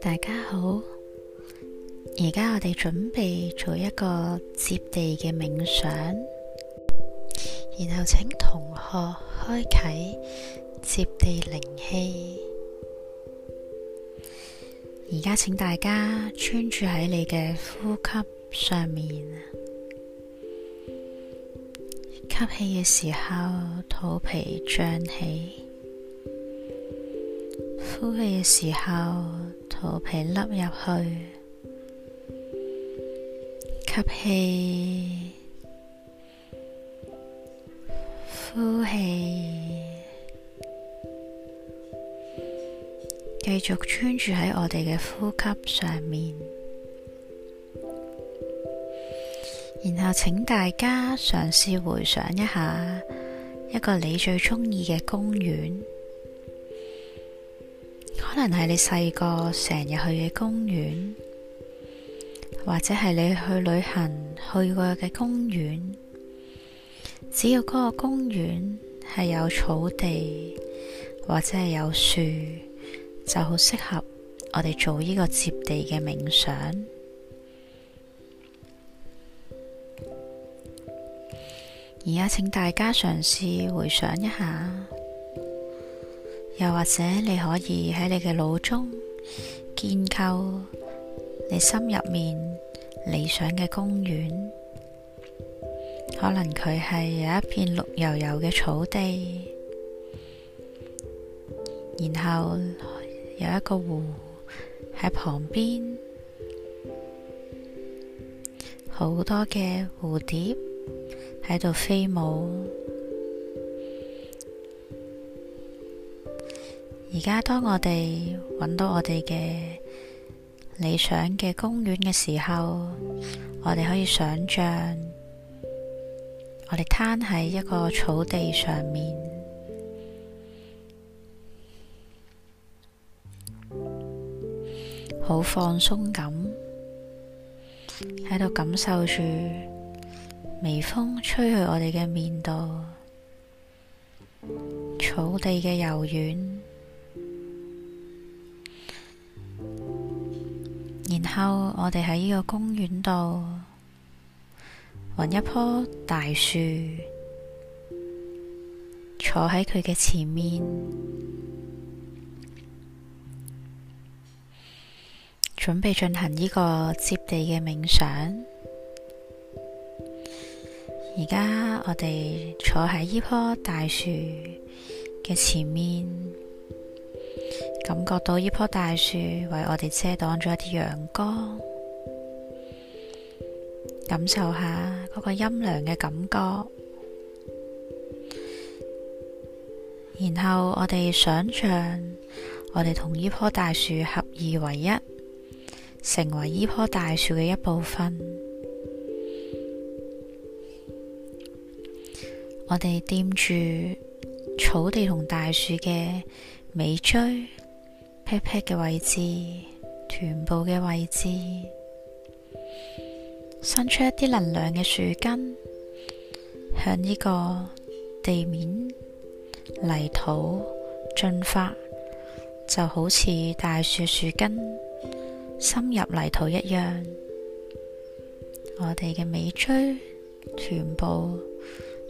大家好，而家我哋準備做一個接地嘅冥想，然後請同學開啟接地靈氣。而家請大家專注喺你嘅呼吸上面。吸氣嘅時候，肚皮脹起；呼氣嘅時候，肚皮凹入去。吸氣，呼氣，繼續專注喺我哋嘅呼吸上面。然後請大家嘗試回想一下一個你最鍾意嘅公園，可能係你細個成日去嘅公園，或者係你去旅行去過嘅公園。只要嗰個公園係有草地或者係有樹，就好適合我哋做呢個接地嘅冥想。而家請大家嘗試回想一下，又或者你可以喺你嘅腦中建構你心入面理想嘅公園，可能佢係有一片綠油油嘅草地，然後有一個湖喺旁邊，好多嘅蝴蝶。喺度飛舞。而家當我哋搵到我哋嘅理想嘅公園嘅時候，我哋可以想象，我哋攤喺一個草地上面，好放鬆咁，喺度感受住。微風吹去我哋嘅面度，草地嘅柔軟，然後我哋喺呢個公園度，搵一棵大樹，坐喺佢嘅前面，準備進行呢個接地嘅冥想。而家我哋坐喺呢棵大樹嘅前面，感覺到呢棵大樹為我哋遮擋咗一啲陽光，感受下嗰個陰涼嘅感覺。然後我哋想象，我哋同呢棵大樹合二為一，成為呢棵大樹嘅一部分。我哋掂住草地同大樹嘅尾椎、pat pat 嘅位置、臀部嘅位置，伸出一啲能量嘅樹根，向呢個地面泥土進發，就好似大樹樹根深入泥土一樣。我哋嘅尾椎、臀部，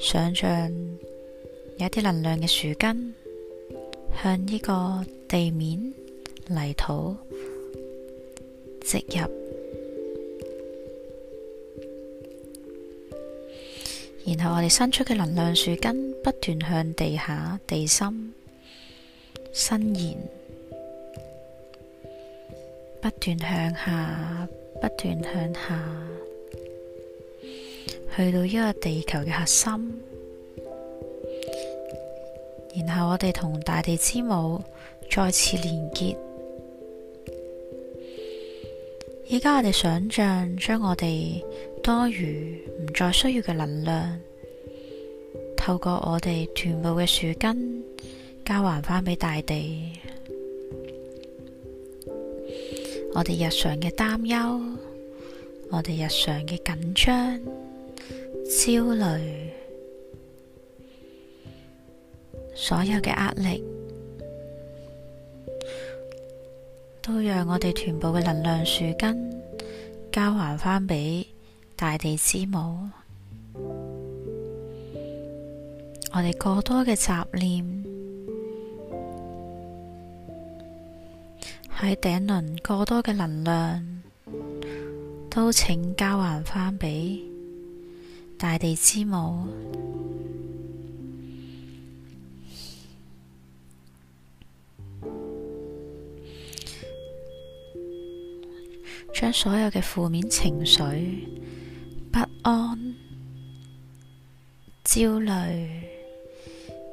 想象有一啲能量嘅樹根向呢個地面泥土植入，然後我哋伸出嘅能量樹根不斷向地下地心伸延，不斷向下，不斷向下。去到呢個地球嘅核心，然後我哋同大地之母再次連結。依家，我哋想象將我哋多餘唔再需要嘅能量，透過我哋臀部嘅樹根交還翻俾大地。我哋日常嘅擔憂，我哋日常嘅緊張。焦慮，所有嘅壓力，都讓我哋全部嘅能量樹根交還返俾大地之母。我哋過多嘅雜念，喺頂輪過多嘅能量，都請交還返俾。大地之母，將所有嘅負面情緒、不安、焦慮、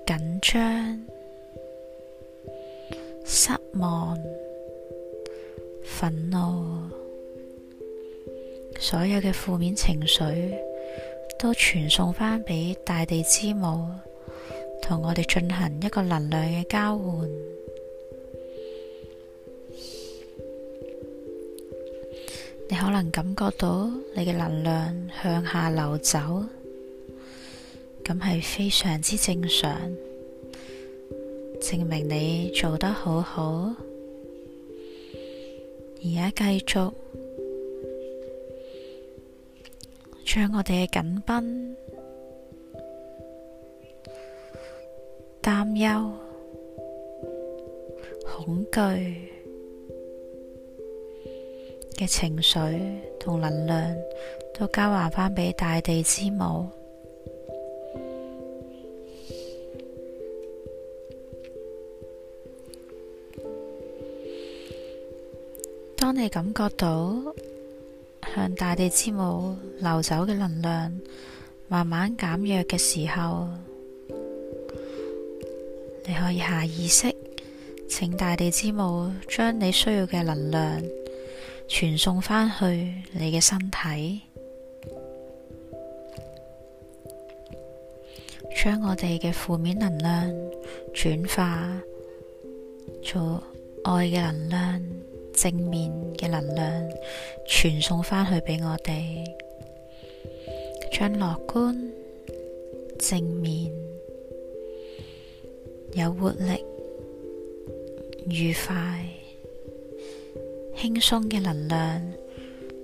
緊張、失望、憤怒，所有嘅負面情緒。都傳送返畀大地之母，同我哋進行一個能量嘅交換。你可能感覺到你嘅能量向下流走，咁係非常之正常，證明你做得好好。而家繼續。將我哋嘅緊繃、擔憂、恐懼嘅情緒同能量，都交還翻畀大地之母。當你感覺到，向大地之母流走嘅能量慢慢減弱嘅時候，你可以下意識，請大地之母將你需要嘅能量傳送返去你嘅身體，將我哋嘅負面能量轉化做愛嘅能量。正面嘅能量傳送翻去畀我哋，將樂觀、正面、有活力、愉快、輕鬆嘅能量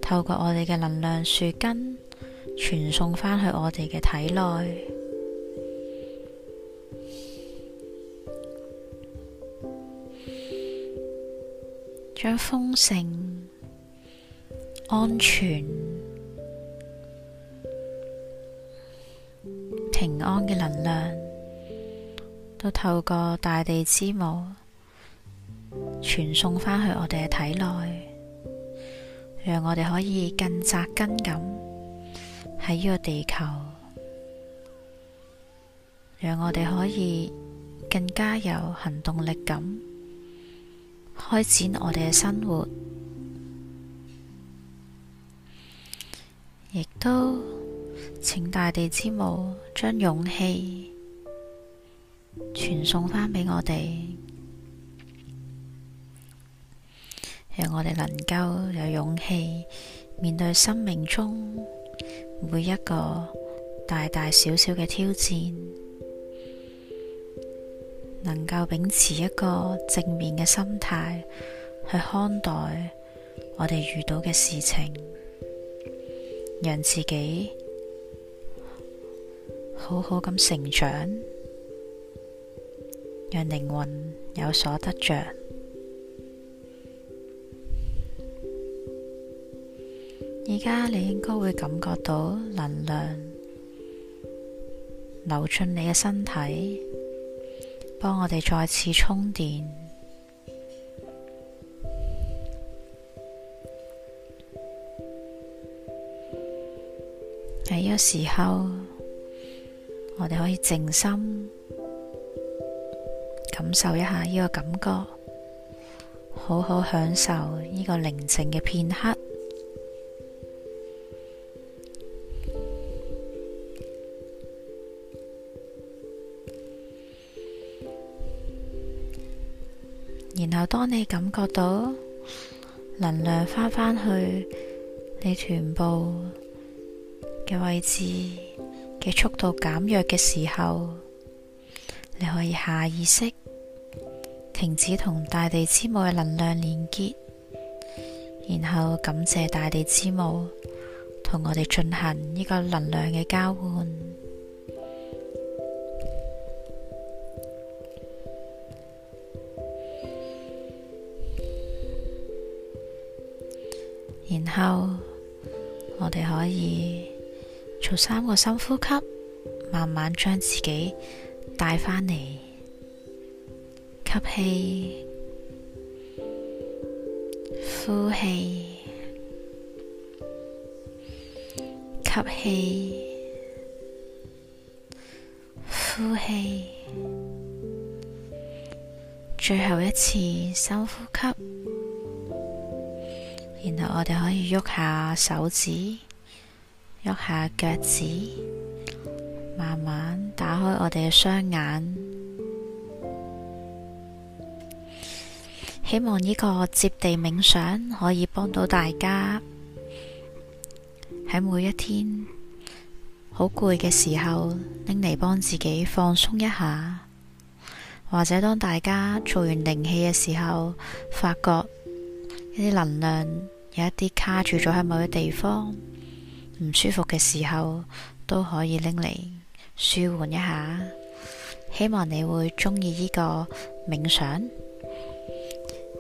透過我哋嘅能量樹根傳送翻去我哋嘅體內。將豐盛、安全、平安嘅能量，都透過大地之母傳送返去我哋嘅體內，讓我哋可以更扎根咁喺呢個地球，讓我哋可以更加有行動力咁。開展我哋嘅生活，亦都請大地之母將勇氣傳送返畀我哋，讓我哋能夠有勇氣面對生命中每一個大大小小嘅挑戰。能夠秉持一個正面嘅心態去看待我哋遇到嘅事情，讓自己好好咁成長，讓靈魂有所得着。而家你應該會感覺到能量流進你嘅身體。幫我哋再次充電。喺呢個時候，我哋可以靜心感受一下呢個感覺，好好享受呢個寧靜嘅片刻。然後當你感覺到能量返返去你臀部嘅位置嘅速度減弱嘅時候，你可以下意識停止同大地之母嘅能量連結，然後感謝大地之母同我哋進行呢個能量嘅交換。然後我哋可以做三個深呼吸，慢慢將自己帶返嚟。吸氣，呼氣，吸氣，呼氣，最後一次深呼吸。然後我哋可以喐下手指，喐下腳趾，慢慢打開我哋嘅雙眼。希望呢個接地冥想可以幫到大家喺每一天好攰嘅時候拎嚟幫自己放鬆一下，或者當大家做完靈氣嘅時候，發覺一啲能量。有一啲卡住咗喺某個地方，唔舒服嘅時候都可以拎嚟舒緩一下。希望你會中意呢個冥想，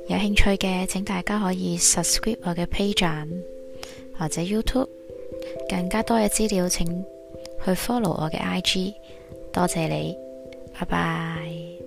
有興趣嘅，請大家可以 subscribe 我嘅 page 或者 YouTube，更加多嘅資料，請去 follow 我嘅 IG。多謝你，拜拜。